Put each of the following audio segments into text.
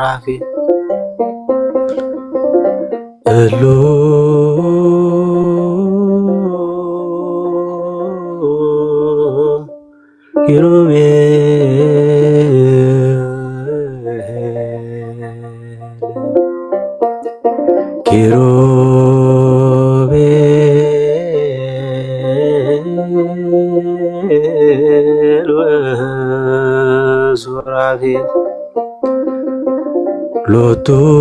ራፊ እሎ ኪሮ tú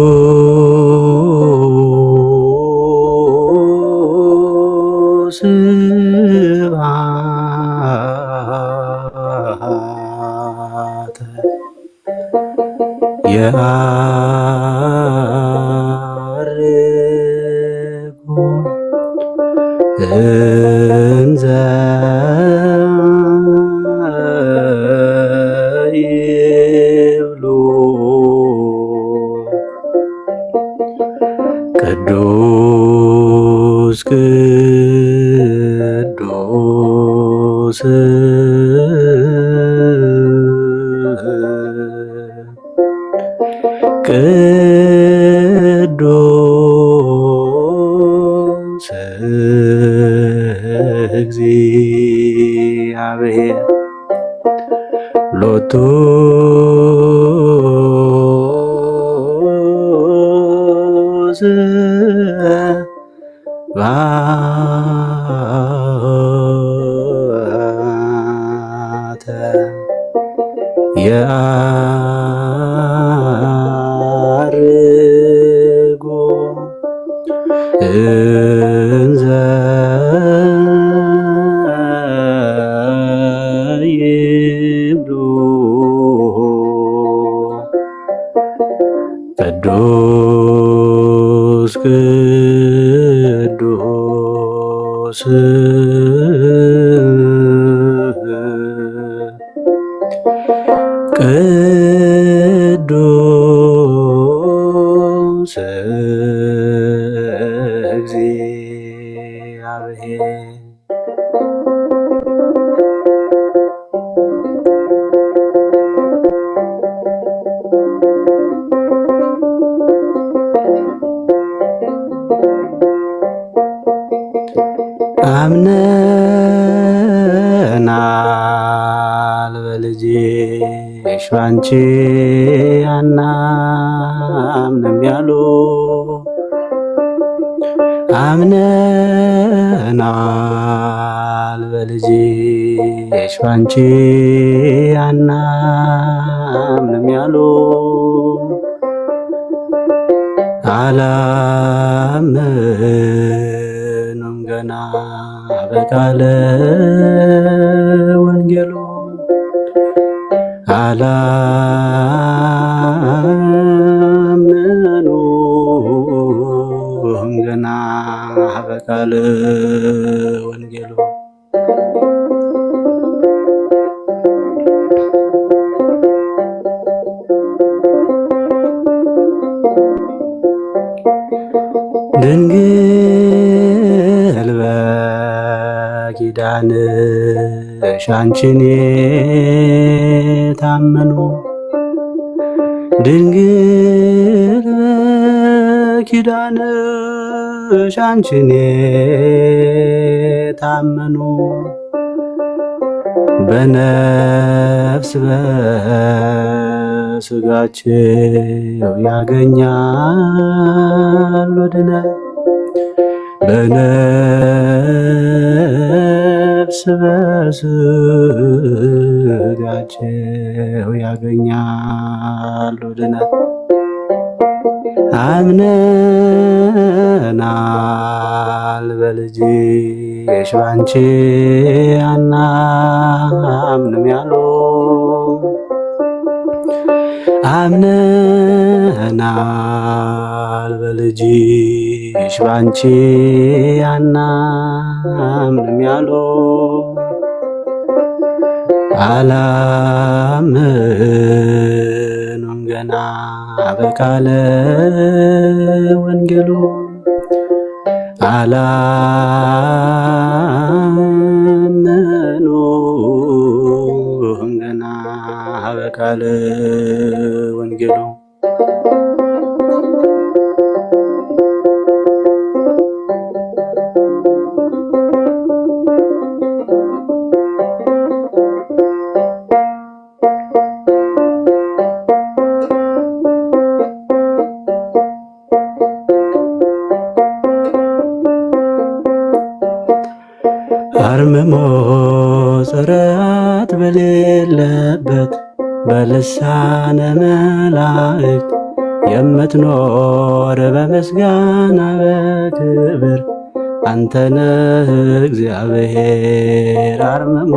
ቅዱስ እግዚአብሔር ሎቱ ባተ ቅዱስ ቅዱስ ቅዱስ እግዚአብሔር አምነናል በልጅሽ ባንቺ አናምንም ያሉ አምነናል በልጅሽ ባንቺ አናምንም ያሉ አላምን አይደለንም ገና በቃለ ወንጌሉ አላመኑም ገና በቃለ ወንጌሉ ድንግል ኪዳንሽ አንቺን የታመኑ ድንግል ኪዳን አንቺን የታመኑ በነፍስ በስጋቸው ያገኛል ወድነ በነ ነፍስ በስጋቸው ያገኛሉ ድነት። አምነናል በልጅሽ ባንቺ አናምንም ያሉ አምነናል በልጅ ባንቺ ባንቺ አናምንም ያሉ አላምኑም ገና በቃለ ወንጌሉ አላምኑም ገና በቃለ በልሳነ መላእክት የምትኖር በምስጋና በክብር አንተነህ እግዚአብሔር አርምሞ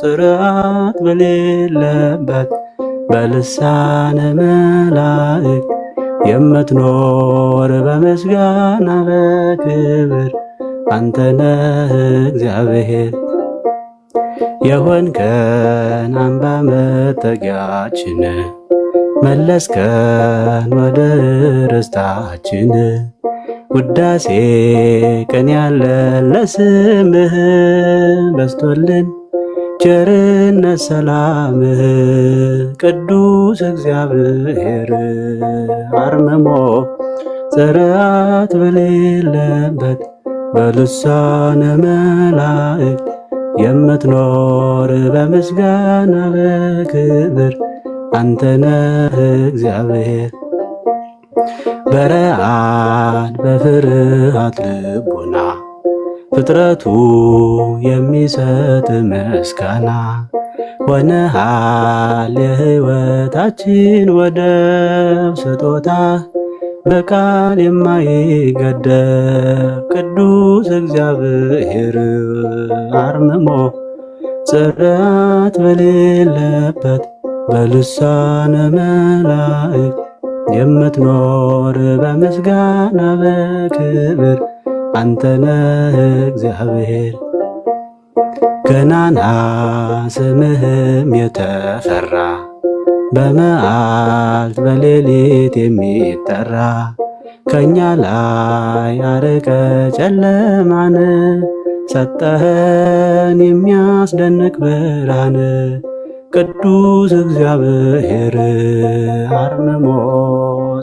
ስርዓት በሌለበት በልሳነ መላእክት የምትኖር በምስጋና በክብር አንተነህ እግዚአብሔር የሆንከን አምባ መጠጊያችን መለስከን ወደ ርስታችን ውዳሴ ቀን ያለን ለስምህ በስቶልን ቸርነት ሰላምህ ቅዱስ እግዚአብሔር አርምሞ ዘርአት በሌለበት በልሳነ መላእክት የምትኖር በምስጋና በክብር አንተነህ እግዚአብሔር። በረአድ በፍርሃት ልቡና ፍጥረቱ የሚሰጥ ምስጋና ሆነሃል የሕይወታችን ወደብ ስጦታ በቃል የማይገደብ ቅዱስ እግዚአብሔር አርምሞ ጽርዓት በሌለበት በልሳነ መላእክት የምትኖር በምስጋና በክብር አንተነ እግዚአብሔር ገናና ስምህም የተፈራ በመዓልት በሌሊት የሚጠራ ከእኛ ላይ ያረቀ ጨለማን ሰጠህን የሚያስደንቅ ብርሃን ቅዱስ እግዚአብሔር አርምሞ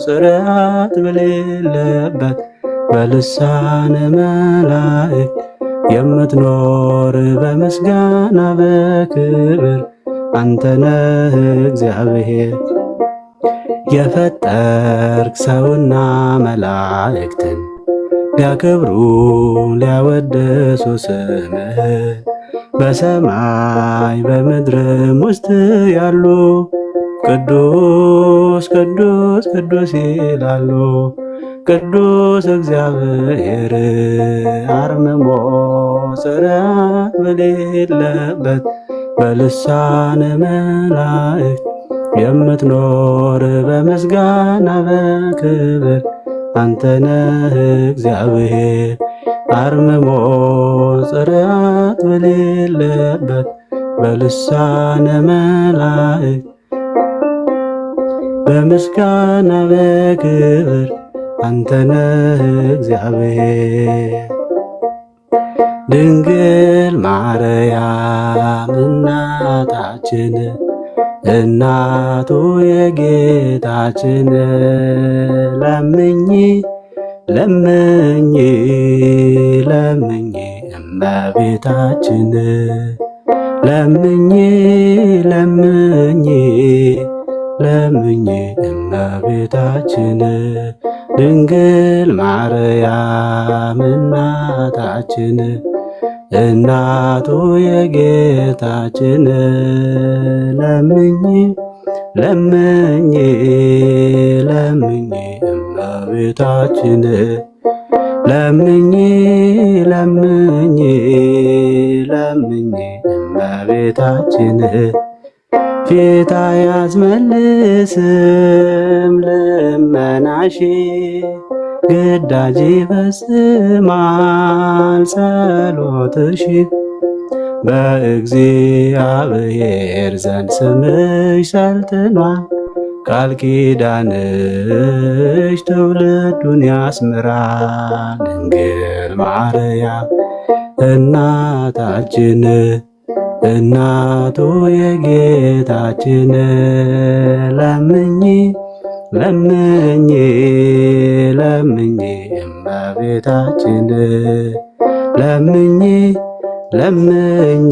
ስርዓት በሌለበት በልሳነ መላእክት የምትኖር በምስጋና በክብር አንተነ እግዚአብሔር የፈጠርክ ሰውና መላእክትን ሊያከብሩ ሊያወደሱ ስምህ በሰማይ በምድርም ውስጥ ያሉ ቅዱስ ቅዱስ ቅዱስ ይላሉ። ቅዱስ እግዚአብሔር አርምሞ ጽርዓት በሌለበት በልሳነ መላእክት የምትኖር በምስጋና በክብር አንተነህ እግዚአብሔር አርምሞ ጽርዓት በሌለበት በልሳነ መላእክት በምስጋና በክብር አንተነህ እግዚአብሔር ድንግል ማርያም እናታችን እናቱ የጌታችን ለምኝ ለምኝ ለምኝ እመቤታችን ለምኝ ለምኝ ለምኝ እመቤታችን ድንግል ማርያም እናታችን እናቱ የጌታችን ለምኝ ለምኝ ለምኝ እመቤታችን ለምኝ ለምኝ ለምኝ እመቤታችን ፊታ ያስመልስም ልመናሽ ግዳጅ ይፈጽማል ጸሎትሽ በእግዚአብሔር ዘንድ ስምሽ ሰልጥኗል። ቃል ኪዳንሽ ትውልዱን ያስምራል። ድንግል ማርያም እናታችን እናቱ የጌታችን ለምኝ ለምኝ ለምኝ እመቤታችን ለምኝ ለምኝ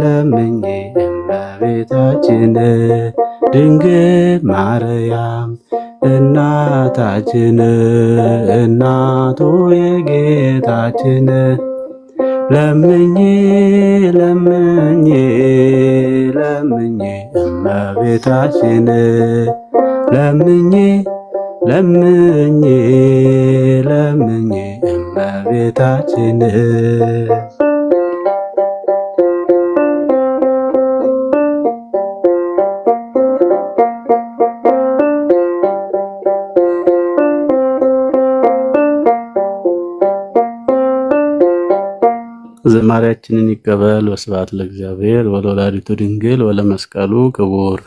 ለምኝ እመቤታችን ድንግል ማርያም እናታችን እናቱ የጌታችን ለምኝ ለምኝ ለምኝ እመቤታችን ለምኜ ለምኜ ለምኜ እመቤታችን ዝማሪያችንን ይቀበል። ወስብሐት ለእግዚአብሔር ወለወላዲቱ ድንግል ወለመስቀሉ ክቡር